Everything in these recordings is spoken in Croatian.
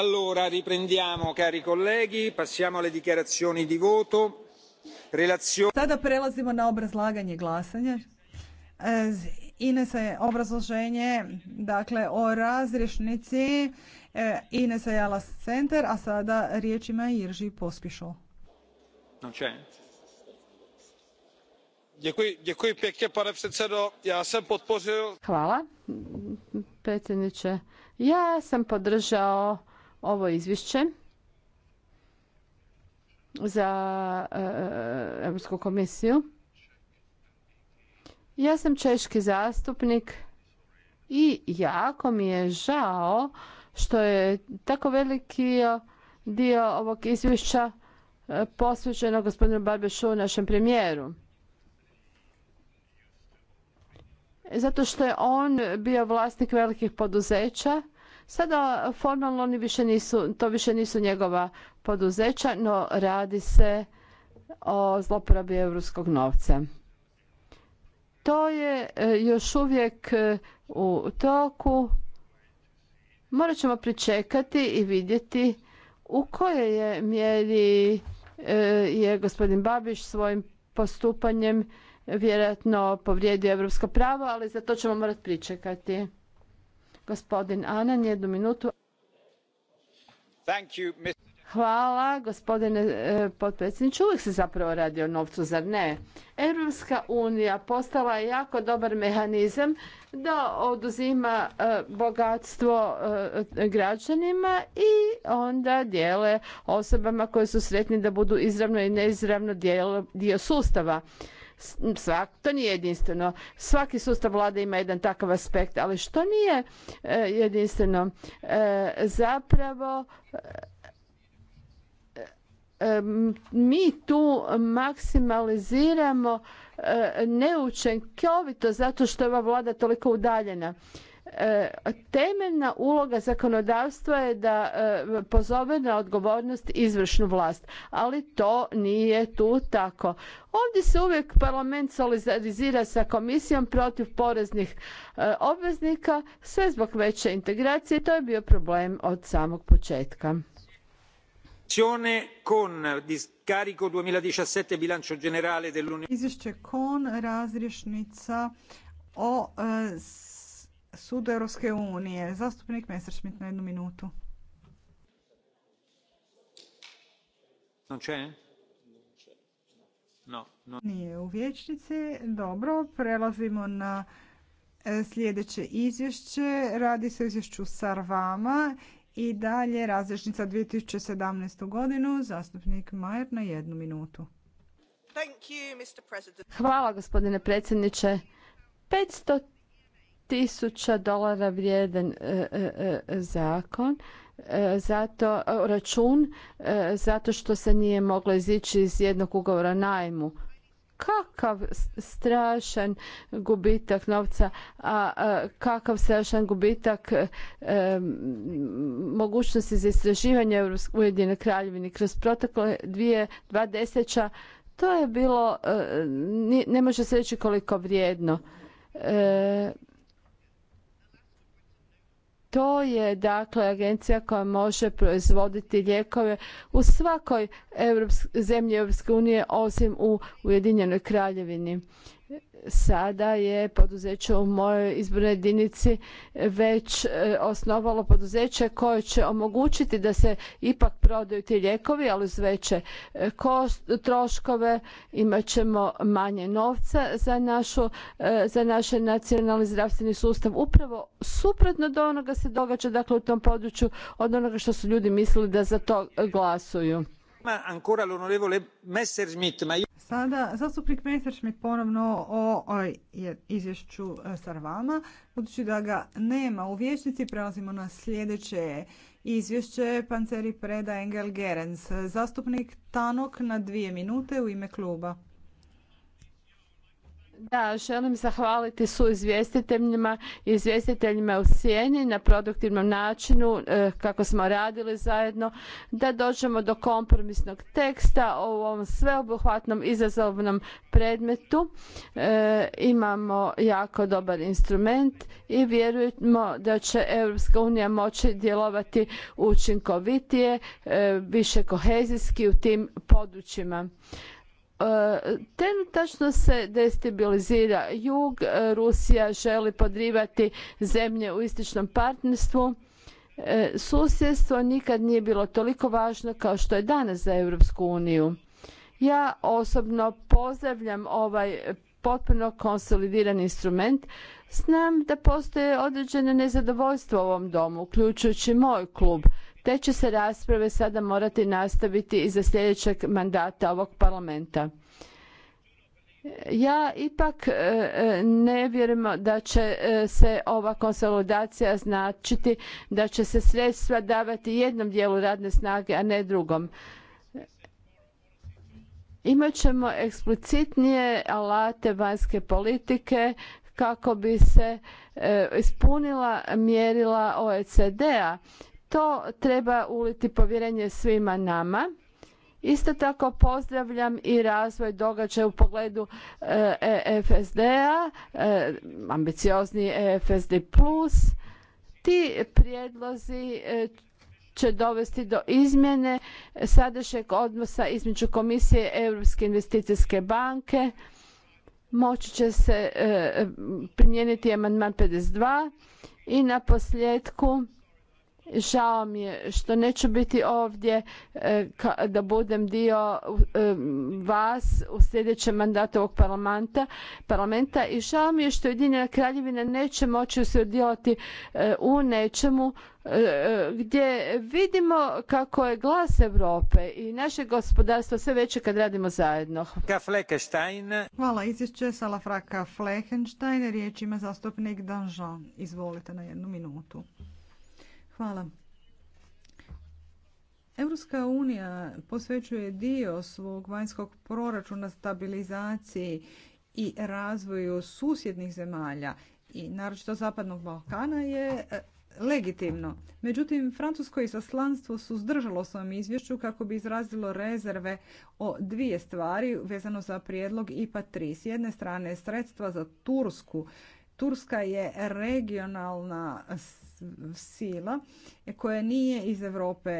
allora riprendiamo cari colleghi passiamo alle dichiarazioni di voto Relazione... sada prelazimo na obrazlaganje glasanja Inesa je obrazloženje dakle o razrješnici Inesa Jalas Center, a sada riječ ima Irži Pospišo. Hvala, predsjedniče. Ja sam podržao ovo izvješće za e, Europsku komisiju. Ja sam češki zastupnik i jako mi je žao što je tako veliki dio ovog izvješća e, posvećeno gospodinu Barbešu, našem premijeru. Zato što je on bio vlasnik velikih poduzeća Sada formalno oni više nisu, to više nisu njegova poduzeća, no radi se o zloporabi europskog novca. To je e, još uvijek e, u toku. Morat ćemo pričekati i vidjeti u kojoj je mjeri e, je gospodin Babiš svojim postupanjem vjerojatno povrijedio europsko pravo, ali za to ćemo morati pričekati. Gospodin Anan, jednu minutu. Hvala, gospodine e, potpredsjedniče. Uvijek se zapravo radi o novcu, zar ne? Europska unija postala je jako dobar mehanizam da oduzima e, bogatstvo e, građanima i onda dijele osobama koje su sretni da budu izravno i neizravno dio sustava svak, to nije jedinstveno. Svaki sustav vlade ima jedan takav aspekt, ali što nije e, jedinstveno? E, zapravo e, mi tu maksimaliziramo neučinkovito zato što je ova vlada toliko udaljena. E, temeljna uloga zakonodavstva je da e, pozove na odgovornost izvršnu vlast, ali to nije tu tako. Ovdje se uvijek parlament solidarizira sa komisijom protiv poreznih e, obveznika, sve zbog veće integracije, to je bio problem od samog početka. Izvješće KON o sud Europske unije. Zastupnik Messerschmidt na jednu minutu. Nije u vječnici. Dobro, prelazimo na e, sljedeće izvješće. Radi se o izvješću Sarvama i dalje razrešnica 2017. godinu. Zastupnik Majer na jednu minutu. Hvala gospodine predsjedniče. 500 tisuća dolara vrijedan e, e, e, zakon zato račun zato što se nije moglo izići iz jednog ugovora najmu kakav strašan gubitak novca a kakav strašan gubitak mogućnosti za istraživanje ujedinjene kraljevine kroz protokole dvije dva to je bilo ne može se reći koliko vrijedno to je dakle agencija koja može proizvoditi lijekove u svakoj zemlji Europske unije osim u Ujedinjenoj kraljevini sada je poduzeće u mojoj izbornoj jedinici već e, osnovalo poduzeće koje će omogućiti da se ipak prodaju ti lijekovi ali uz veće e, troškove imat ćemo manje novca za, našu, e, za naš nacionalni zdravstveni sustav upravo suprotno do onoga se događa dakle u tom području od onoga što su ljudi mislili da za to glasuju. Sada zastupnik Messerschmidt ponovno o, izvješću izvješću Sarvama. Budući da ga nema u vječnici, prelazimo na sljedeće izvješće Panceri Preda Engel Gerens. Zastupnik Tanok na dvije minute u ime kluba. Da, želim zahvaliti su izvjestiteljima i izvjestiteljima u sjeni na produktivnom načinu e, kako smo radili zajedno da dođemo do kompromisnog teksta o ovom sveobuhvatnom izazovnom predmetu. E, imamo jako dobar instrument i vjerujemo da će Europska unija moći djelovati učinkovitije, e, više kohezijski u tim područjima. Trenutačno se destabilizira jug, Rusija želi podrivati zemlje u istočnom partnerstvu. E, susjedstvo nikad nije bilo toliko važno kao što je danas za Europsku uniju. Ja osobno pozdravljam ovaj potpuno konsolidiran instrument. Znam da postoje određene nezadovoljstvo u ovom domu, uključujući moj klub. Te će se rasprave sada morati nastaviti i za sljedećeg mandata ovog parlamenta. Ja ipak e, e, ne vjerujem da će e, se ova konsolidacija značiti da će se sredstva davati jednom dijelu radne snage, a ne drugom. Imat ćemo eksplicitnije alate vanjske politike kako bi se ispunila mjerila OECD-a to treba uliti povjerenje svima nama. Isto tako pozdravljam i razvoj događaja u pogledu EFSD-a, e e, ambiciozni EFSD+. Ti prijedlozi e, će dovesti do izmjene sadašnjeg odnosa između Komisije Europske investicijske banke. Moći će se primijeniti amandman 52 i na posljedku Žao mi je što neću biti ovdje e, da budem dio e, vas u sljedećem mandatu ovog parlamenta, parlamenta i žao mi je što jedinjena kraljevina neće moći sudjelovati e, u nečemu gdje vidimo kako je glas Europe i naše gospodarstvo sve veće kad radimo zajedno. Hvala izvješće Salafraka Fleckenstein. Riječ ima zastupnik Danžan. Izvolite na jednu minutu. Hvala. Europska unija posvećuje dio svog vanjskog proračuna stabilizaciji i razvoju susjednih zemalja i naročito Zapadnog Balkana je e, legitimno. Međutim, francusko izaslanstvo suzdržalo svom izvješću kako bi izrazilo rezerve o dvije stvari vezano za prijedlog IPA 3. S jedne strane sredstva za Tursku. Turska je regionalna sila koja nije iz Europe.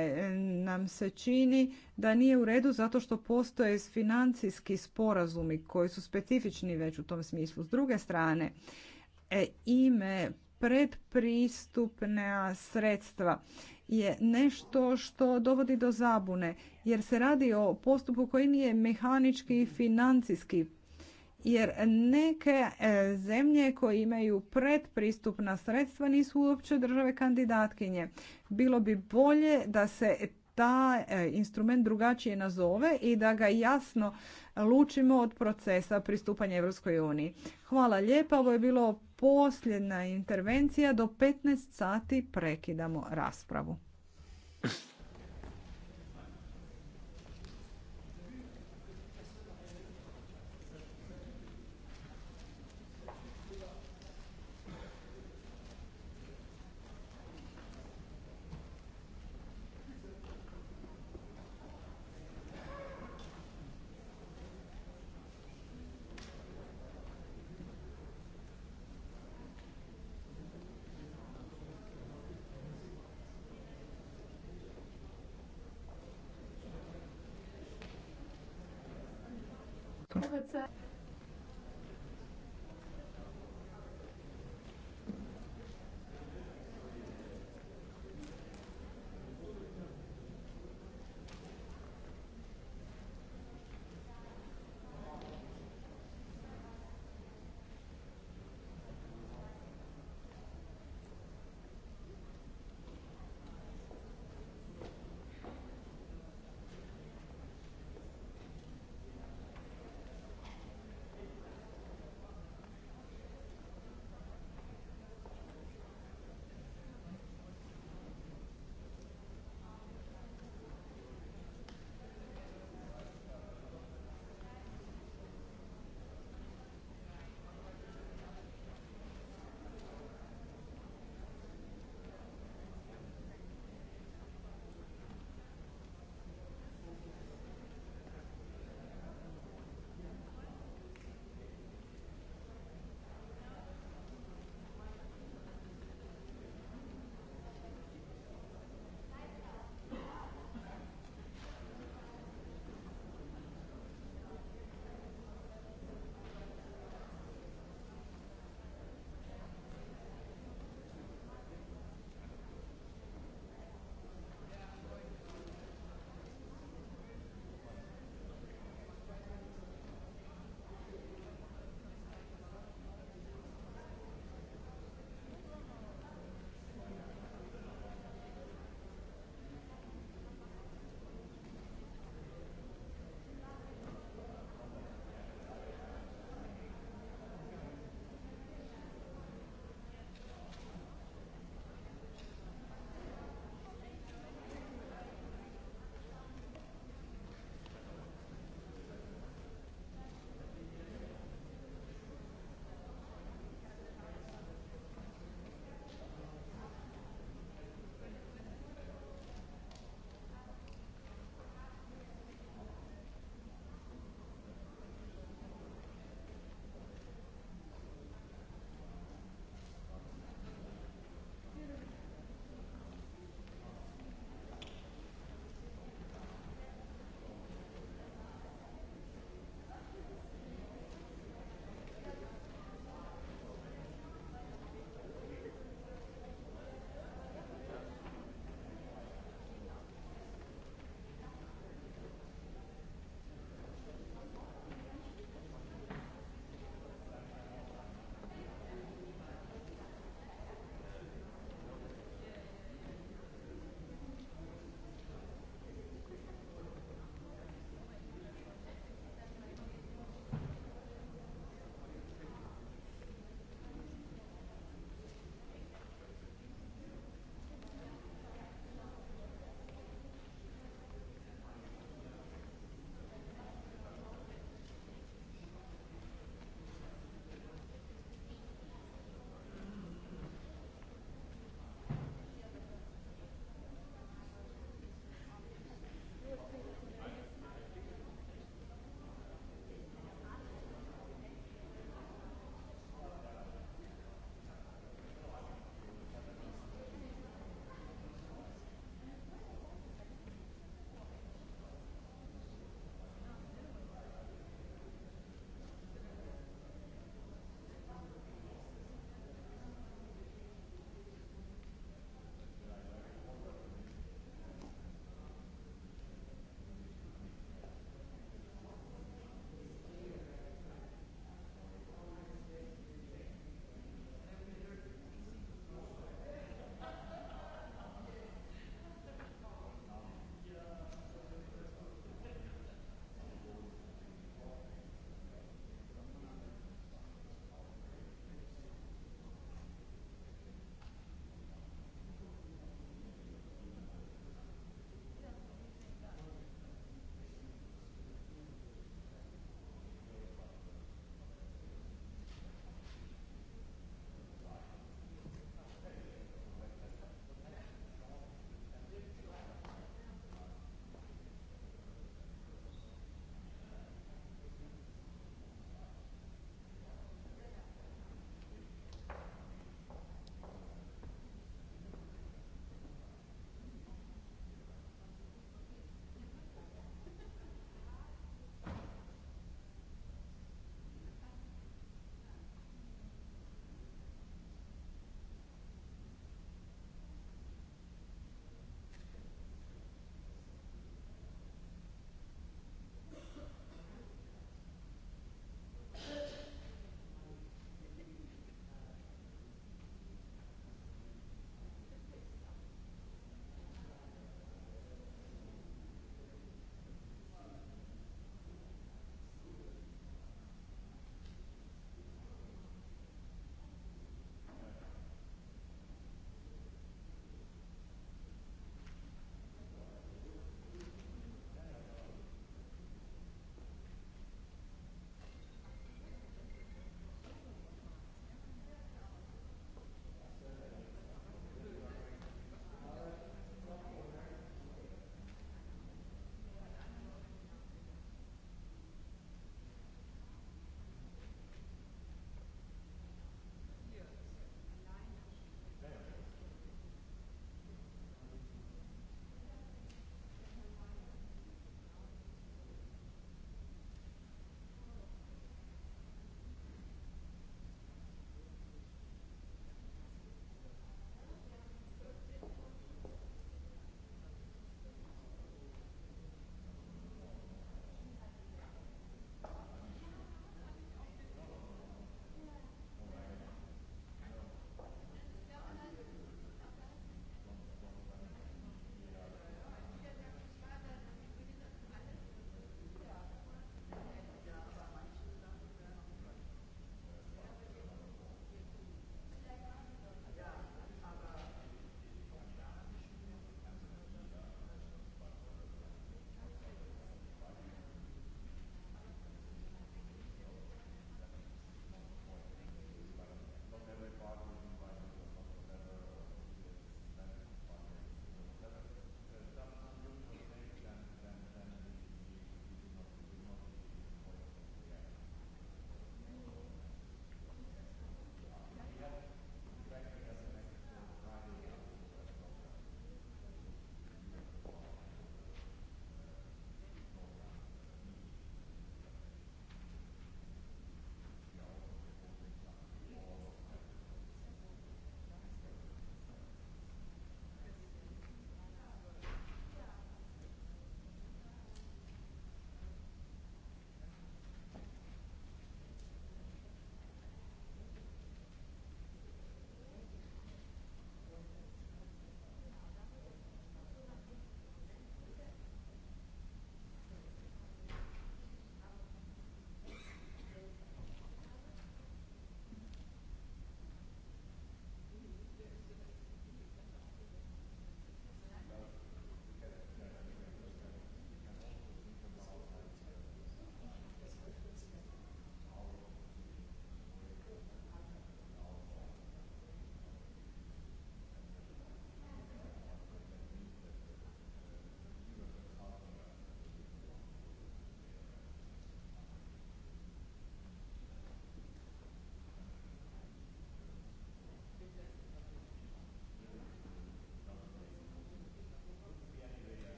Nam se čini da nije u redu zato što postoje financijski sporazumi koji su specifični već u tom smislu. S druge strane, e, ime predpristupne sredstva je nešto što dovodi do zabune jer se radi o postupku koji nije mehanički i financijski jer neke e, zemlje koje imaju predpristupna sredstva nisu uopće države kandidatkinje. Bilo bi bolje da se ta e, instrument drugačije nazove i da ga jasno lučimo od procesa pristupanja EU. uniji. Hvala lijepa, ovo je bilo posljedna intervencija, do 15 sati prekidamo raspravu. minutu.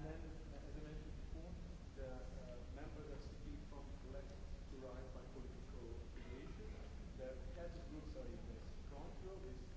the members from to political groups are in control is